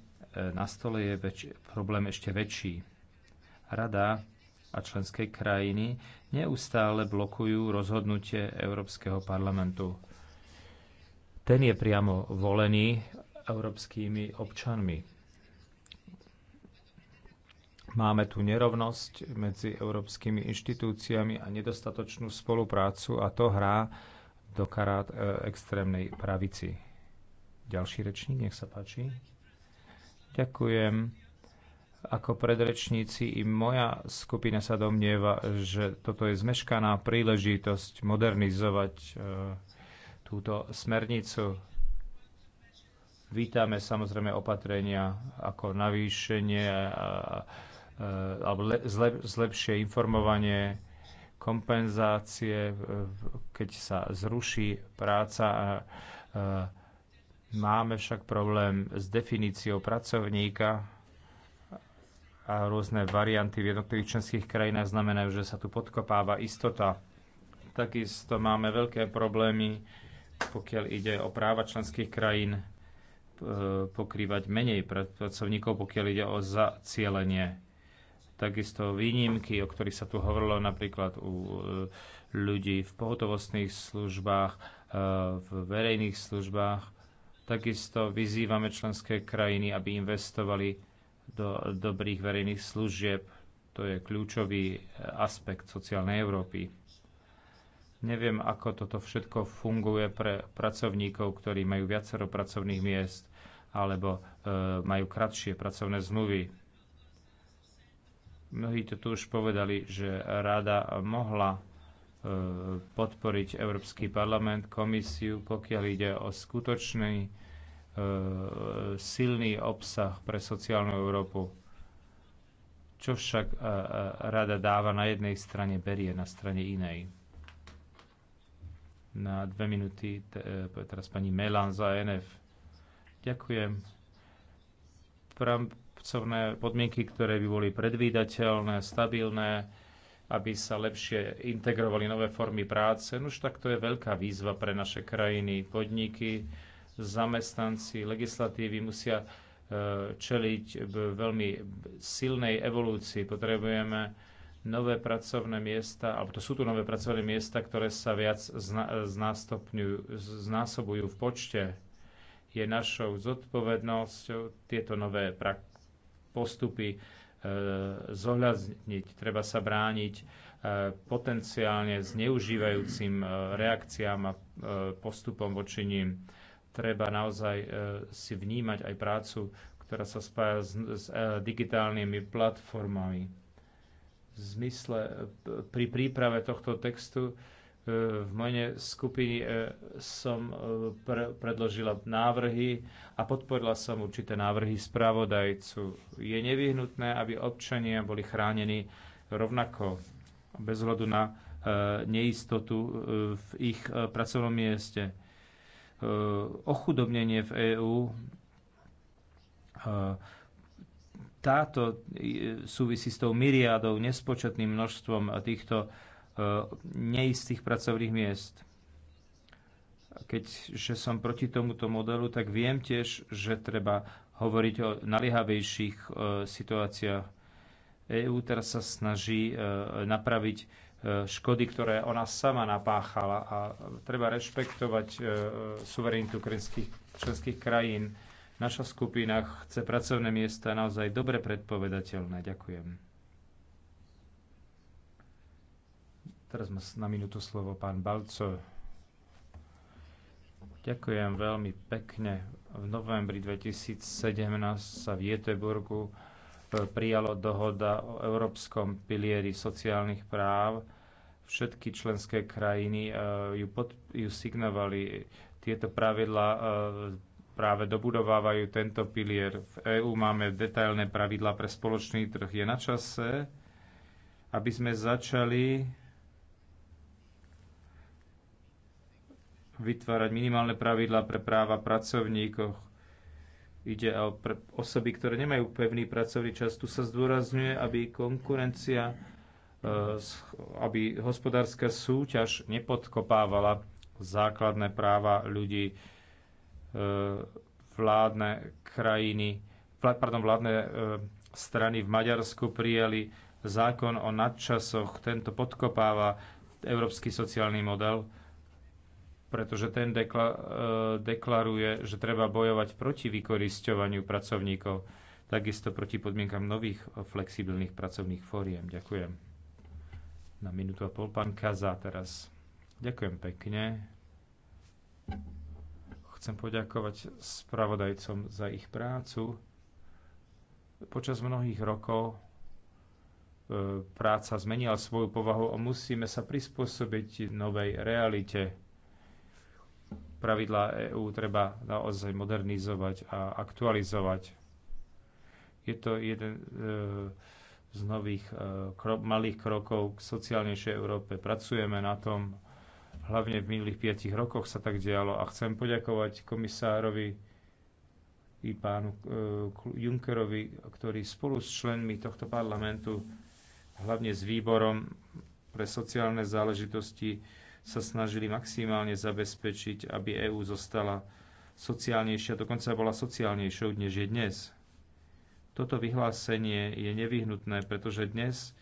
A: na stole je väč- problém ešte väčší. Rada a členské krajiny neustále blokujú rozhodnutie Európskeho parlamentu. Ten je priamo volený európskymi občanmi. Máme tu nerovnosť medzi európskymi inštitúciami a nedostatočnú spoluprácu a to hrá do karát e, extrémnej pravici. Ďalší rečník, nech sa páči. Ďakujem ako predrečníci i moja skupina sa domnieva, že toto je zmeškaná príležitosť modernizovať e, túto smernicu. Vítame samozrejme opatrenia ako navýšenie a, alebo le, zlepšie informovanie, kompenzácie, e, keď sa zruší práca. A, e, máme však problém s definíciou pracovníka a rôzne varianty v jednotlivých členských krajinách znamenajú, že sa tu podkopáva istota. Takisto máme veľké problémy, pokiaľ ide o práva členských krajín e, pokrývať menej pracovníkov, pokiaľ ide o zacielenie. Takisto výnimky, o ktorých sa tu hovorilo napríklad u e, ľudí v pohotovostných službách, e, v verejných službách. Takisto vyzývame členské krajiny, aby investovali do dobrých verejných služieb. To je kľúčový e, aspekt sociálnej Európy. Neviem, ako toto všetko funguje pre pracovníkov, ktorí majú viacero pracovných miest alebo e, majú kratšie pracovné zmluvy. Mnohí to tu už povedali, že rada mohla e, podporiť Európsky parlament, komisiu, pokiaľ ide o skutočný E, silný obsah pre sociálnu Európu, čo však e, e, rada dáva na jednej strane, berie na strane inej. Na dve minúty teraz pani Melan za NF. Ďakujem. Pracovné podmienky, ktoré by boli predvídateľné, stabilné, aby sa lepšie integrovali nové formy práce. No už tak to je veľká výzva pre naše krajiny, podniky, zamestnanci legislatívy musia e, čeliť veľmi silnej evolúcii. Potrebujeme nové pracovné miesta, alebo to sú tu nové pracovné miesta, ktoré sa viac znásobujú v počte. Je našou zodpovednosťou tieto nové postupy e, zohľadniť. Treba sa brániť e, potenciálne zneužívajúcim reakciám a postupom voči ním Treba naozaj e, si vnímať aj prácu, ktorá sa spája s, s e, digitálnymi platformami. V zmysle e, pri príprave tohto textu v mene skupiny som predložila návrhy a podporila som určité návrhy spravodajcu. Je nevyhnutné, aby občania boli chránení rovnako, bez hľadu na neistotu v ich pracovnom mieste Eh, ochudobnenie v EÚ. Eh, táto eh, súvisí s tou myriádou, nespočetným množstvom týchto neistých pracovných miest. Keďže som proti tomuto modelu, tak viem tiež, že treba hovoriť o naliehavejších situáciách. EÚ teraz sa snaží napraviť E, škody, ktoré ona sama napáchala. A treba rešpektovať e, suverenitu členských krajín. Naša skupina chce pracovné miesta naozaj dobre predpovedateľné. Ďakujem. Teraz má na minútu slovo pán Balco. Ďakujem veľmi pekne. V novembri 2017 sa v Jeteburgu prijalo dohoda o Európskom pilieri sociálnych práv. Všetky členské krajiny e, ju, pod, ju signovali. Tieto pravidla e, práve dobudovávajú tento pilier. V EÚ máme detailné pravidla pre spoločný trh. Je na čase, aby sme začali vytvárať minimálne pravidlá pre práva pracovníkov Ide o osoby, ktoré nemajú pevný pracovný čas. Tu sa zdôrazňuje, aby konkurencia, e, aby hospodárska súťaž nepodkopávala základné práva ľudí e, vládne krajiny, pardon, vládne e, strany v Maďarsku prijali zákon o nadčasoch. Tento podkopáva európsky sociálny model pretože ten dekla, e, deklaruje, že treba bojovať proti vykorisťovaniu pracovníkov, takisto proti podmienkam nových flexibilných pracovných fóriem. Ďakujem. Na minútu a pol pán Kaza teraz. Ďakujem pekne. Chcem poďakovať spravodajcom za ich prácu. Počas mnohých rokov e, práca zmenila svoju povahu a musíme sa prispôsobiť novej realite Pravidlá EÚ treba naozaj modernizovať a aktualizovať. Je to jeden e, z nových e, malých krokov k sociálnejšej Európe. Pracujeme na tom. Hlavne v minulých piatich rokoch sa tak dialo a chcem poďakovať komisárovi i pánu e, Junckerovi, ktorý spolu s členmi tohto parlamentu, hlavne s výborom pre sociálne záležitosti, sa snažili maximálne zabezpečiť, aby EÚ zostala sociálnejšia, dokonca bola sociálnejšou, než je dnes. Toto vyhlásenie je nevyhnutné, pretože dnes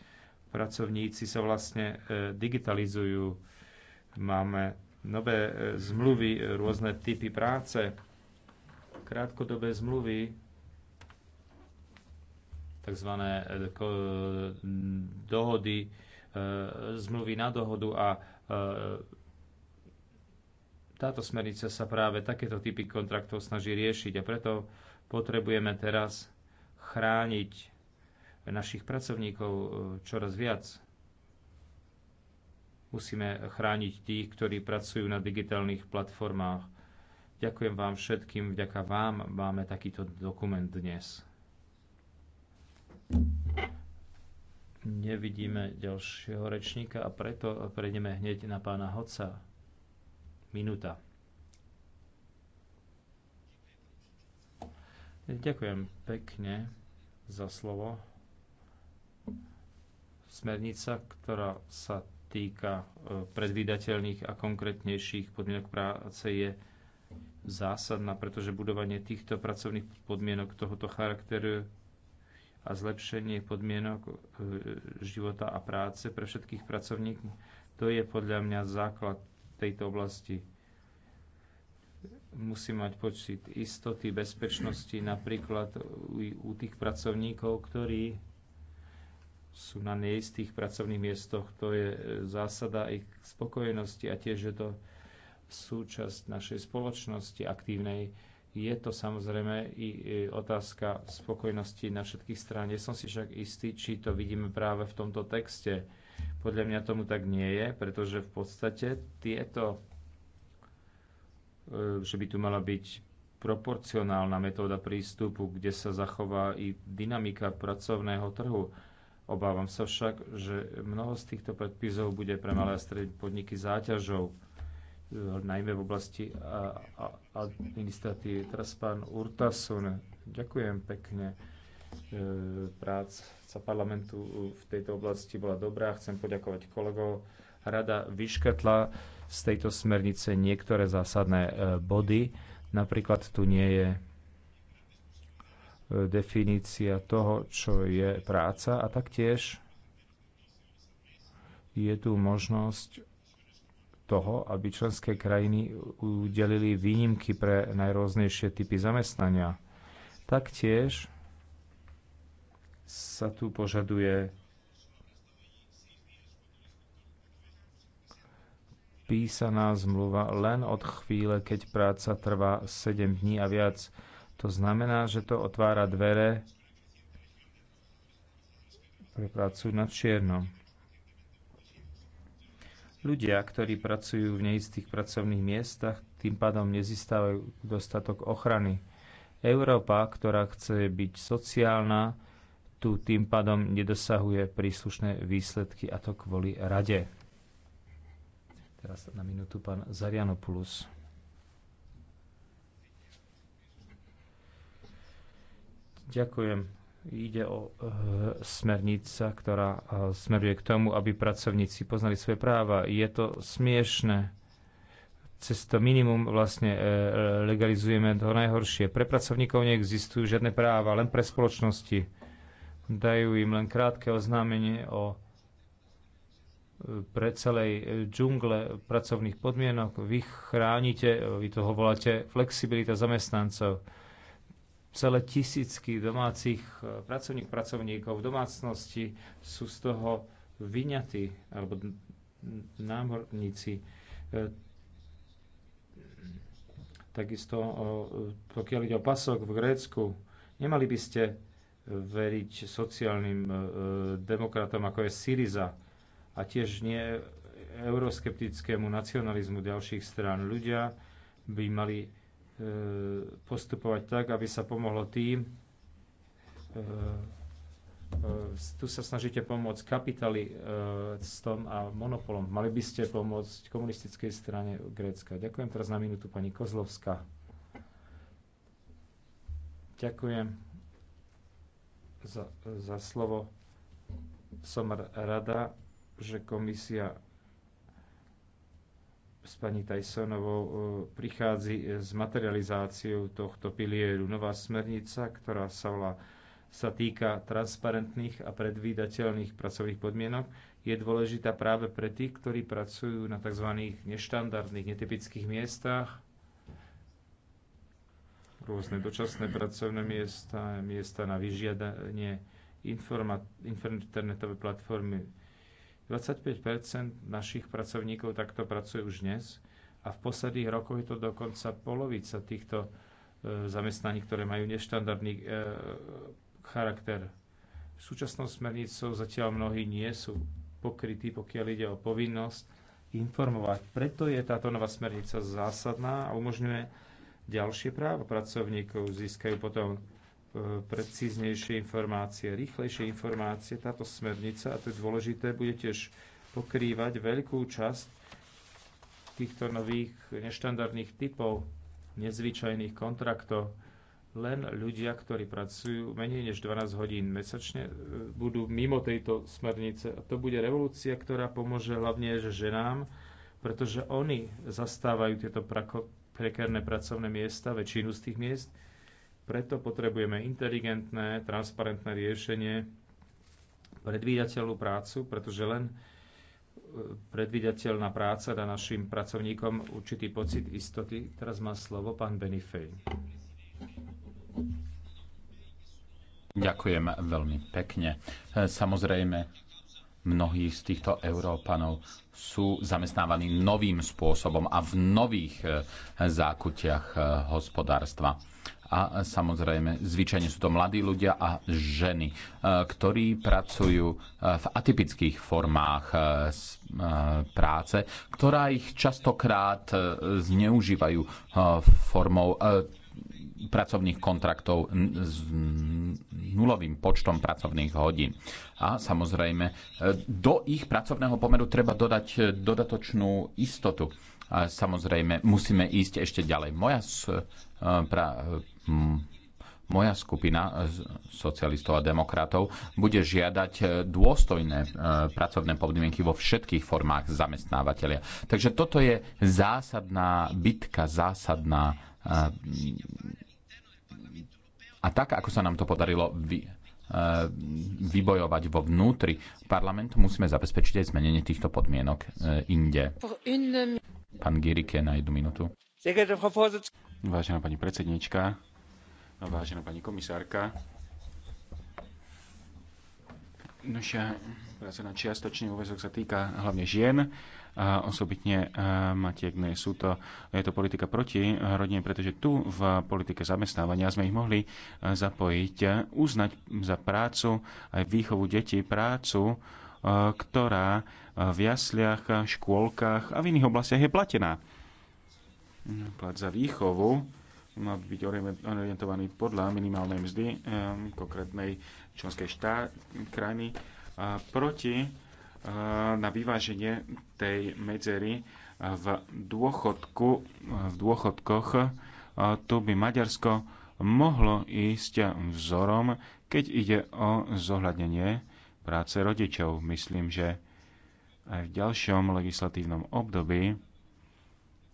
A: pracovníci sa vlastne e, digitalizujú. Máme nové e, zmluvy, e, rôzne typy práce, krátkodobé zmluvy, takzvané dohody E, zmluvy na dohodu a e, táto smernica sa práve takéto typy kontraktov snaží riešiť a preto potrebujeme teraz chrániť našich pracovníkov e, čoraz viac. Musíme chrániť tých, ktorí pracujú na digitálnych platformách. Ďakujem vám všetkým, vďaka vám máme takýto dokument dnes. Nevidíme ďalšieho rečníka a preto prejdeme hneď na pána Hoca. Minúta. Ďakujem pekne za slovo. Smernica, ktorá sa týka e, predvídateľných a konkrétnejších podmienok práce, je zásadná, pretože budovanie týchto pracovných podmienok tohoto charakteru a zlepšenie podmienok e, života a práce pre všetkých pracovníkov. To je podľa mňa základ tejto oblasti. Musí mať počet istoty, bezpečnosti, napríklad u, u tých pracovníkov, ktorí sú na neistých pracovných miestoch. To je e, zásada ich spokojenosti a tiež je to súčasť našej spoločnosti aktívnej, je to samozrejme i otázka spokojnosti na všetkých strán. Nie som si však istý, či to vidíme práve v tomto texte. Podľa mňa tomu tak nie je, pretože v podstate tieto, e, že by tu mala byť proporcionálna metóda prístupu, kde sa zachová i dynamika pracovného trhu. Obávam sa však, že mnoho z týchto predpisov bude pre malé a stredné podniky záťažou najmä v oblasti administratívy. Teraz pán Urtasun, ďakujem pekne. E, práca parlamentu v tejto oblasti bola dobrá. Chcem poďakovať kolegov. Rada vyškatla z tejto smernice niektoré zásadné e, body. Napríklad tu nie je e, definícia toho, čo je práca a taktiež je tu možnosť toho, aby členské krajiny udelili výnimky pre najrôznejšie typy zamestnania. Taktiež sa tu požaduje písaná zmluva len od chvíle, keď práca trvá 7 dní a viac. To znamená, že to otvára dvere pre prácu na čierno Ľudia, ktorí pracujú v neistých pracovných miestach, tým pádom nezistávajú dostatok ochrany. Európa, ktorá chce byť sociálna, tu tým pádom nedosahuje príslušné výsledky a to kvôli rade. Teraz na minútu pán Zarianopoulos. Ďakujem. Ide o eh, smernica, ktorá eh, smeruje k tomu, aby pracovníci poznali svoje práva. Je to smiešne. Cez to minimum vlastne eh, legalizujeme to najhoršie. Pre pracovníkov neexistujú žiadne práva, len pre spoločnosti. Dajú im len krátke oznámenie o pre celej džungle pracovných podmienok. Vy chránite, vy toho voláte flexibilita zamestnancov celé tisícky domácich e, pracovník, pracovníkov v domácnosti sú z toho vyňatí, alebo námorníci. E, takisto, pokiaľ ide o pasok v Grécku, nemali by ste veriť sociálnym e, demokratom, ako je Syriza a tiež nie euroskeptickému nacionalizmu ďalších strán. Ľudia by mali postupovať tak, aby sa pomohlo tým, e, e, tu sa snažíte pomôcť tom a monopolom. Mali by ste pomôcť komunistickej strane Grécka. Ďakujem teraz na minútu pani Kozlovská. Ďakujem za, za slovo. Som rada, že komisia s pani Tysonovou e, prichádza e, s materializáciou tohto pilieru. Nová smernica, ktorá sa volá sa týka transparentných a predvídateľných pracovných podmienok, je dôležitá práve pre tých, ktorí pracujú na tzv. neštandardných, netypických miestach, rôzne dočasné pracovné miesta, miesta na vyžiadanie, internetové platformy, 25 našich pracovníkov takto pracuje už dnes a v posledných rokoch je to dokonca polovica týchto e, zamestnaní, ktoré majú neštandardný e, charakter. Súčasnou smernicou zatiaľ mnohí nie sú pokrytí, pokiaľ ide o povinnosť informovať. Preto je táto nová smernica zásadná a umožňuje ďalšie práva pracovníkov. Získajú potom precíznejšie informácie, rýchlejšie informácie. Táto smernica, a to je dôležité, bude tiež pokrývať veľkú časť týchto nových neštandardných typov nezvyčajných kontraktov. Len ľudia, ktorí pracujú menej než 12 hodín mesačne, e, budú mimo tejto smernice. A to bude revolúcia, ktorá pomôže hlavne ženám, pretože oni zastávajú tieto prekerné pracovné miesta, väčšinu z tých miest, preto potrebujeme inteligentné, transparentné riešenie, predvídateľnú prácu, pretože len e, predvídateľná práca dá našim pracovníkom určitý pocit istoty. Teraz má slovo pán Benifej.
B: Ďakujem veľmi pekne. E, samozrejme, mnohí z týchto Európanov sú zamestnávaní novým spôsobom a v nových e, zákutiach hospodárstva a samozrejme zvyčajne sú to mladí ľudia a ženy, e, ktorí pracujú e, v atypických formách e, práce, ktorá ich častokrát zneužívajú formou pracovných kontraktov s nulovým počtom pracovných hodín. A samozrejme, do ich pracovného pomeru treba dodať dodatočnú istotu. A samozrejme, musíme ísť ešte ďalej. Moja pra, moja skupina socialistov a demokratov bude žiadať e, dôstojné e, pracovné podmienky vo všetkých formách zamestnávateľia. Takže toto je zásadná bitka, zásadná e, a tak, ako sa nám to podarilo vy, vybojovať vo vnútri parlamentu, musíme zabezpečiť aj zmenenie týchto podmienok inde. Pán Girike na jednu minútu. Vážená pani predsednička, No, vážená pani komisárka.
C: Naša práca na čiastočný úvezok sa týka hlavne žien a osobitne e, matiek. Ne, sú to, je to politika proti e, rodine, pretože tu v politike zamestnávania sme ich mohli e, zapojiť, uznať za prácu aj výchovu detí, prácu, ktorá v jasliach, škôlkach a v iných oblastiach je platená. No, plat za výchovu mal byť orientovaný podľa minimálnej mzdy konkrétnej členskej štát, krajiny proti e, na vyváženie tej medzery e, v, dôchodku, e, v dôchodkoch. Tu by Maďarsko mohlo ísť vzorom, keď ide o zohľadnenie práce rodičov. Myslím, že aj v ďalšom legislatívnom období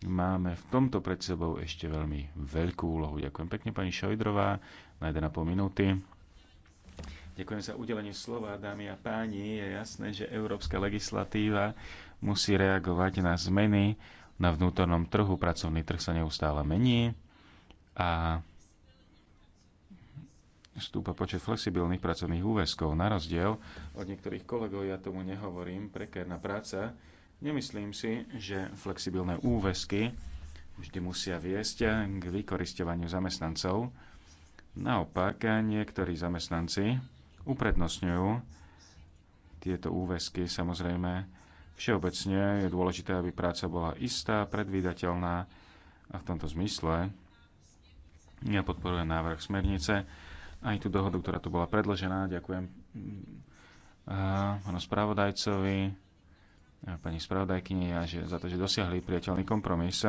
C: máme v tomto pred sebou ešte veľmi veľkú úlohu. Ďakujem pekne pani Šojdrová na 1,5 minúty. Ďakujem za udelenie slova, dámy a páni. Je jasné, že európska legislatíva musí reagovať na zmeny na vnútornom trhu. Pracovný trh sa neustále mení a stúpa počet flexibilných pracovných úväzkov. Na rozdiel od niektorých kolegov, ja tomu nehovorím, prekérna práca Nemyslím si, že flexibilné úvesky vždy musia viesť k vykoristovaniu zamestnancov. Naopak, niektorí zamestnanci uprednostňujú tieto úvesky. Samozrejme, všeobecne je dôležité, aby práca bola istá, predvídateľná a v tomto zmysle ja podporujem návrh smernice aj tú dohodu, ktorá tu bola predložená. Ďakujem mm, pánu spravodajcovi pani spravodajkyni a že za to, že dosiahli priateľný kompromis.